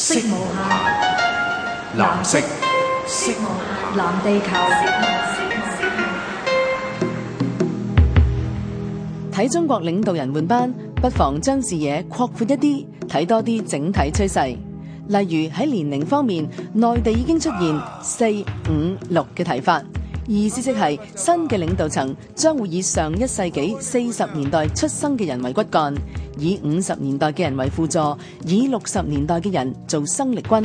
色無限，藍色，色無下，藍地球。睇中國領導人換班，不妨將視野擴闊一啲，睇多啲整體趨勢。例如喺年齡方面，內地已經出現四五六嘅睇法。意思即係新嘅領導層將會以上一世紀四十年代出生嘅人為骨幹，以五十年代嘅人為輔助，以六十年代嘅人做生力軍。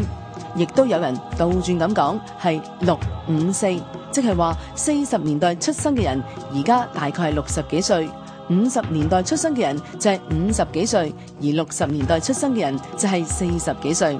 亦都有人倒轉咁講，係六五四，即係話四十年代出生嘅人而家大概係六十幾歲，五十年代出生嘅人就係五十幾歲，而六十年代出生嘅人就係四十幾歲。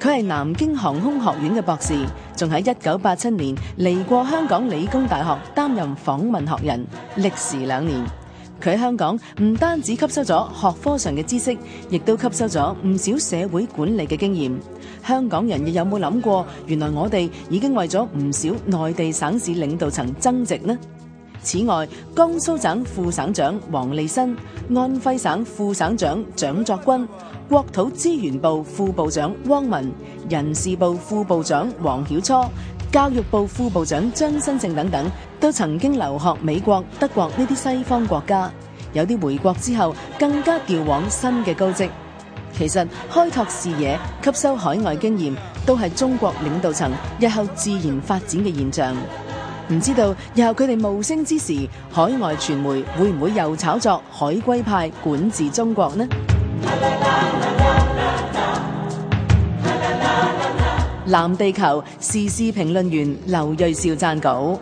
佢係南京航空學院嘅博士，仲喺一九八七年嚟過香港理工大學擔任訪問學人，歷時兩年。佢喺香港唔單止吸收咗學科上嘅知識，亦都吸收咗唔少社會管理嘅經驗。香港人又有冇諗過，原來我哋已經為咗唔少內地省市領導層增值呢？此外，江蘇省省副省長王利新、安徽省副省長蔣作軍、國土資源部副部長汪文、人事部副部長王曉初、教育部副部長張新正等等，都曾經留學美國、德國呢啲西方國家，有啲回國之後更加調往新嘅高職，其實開拓視野、吸收海外經驗，都係中國領導層日後自然發展嘅現象。唔知道以後佢哋無聲之時，海外傳媒會唔會又炒作海歸派管治中國呢？藍地球時事評論員劉銳紹撰稿。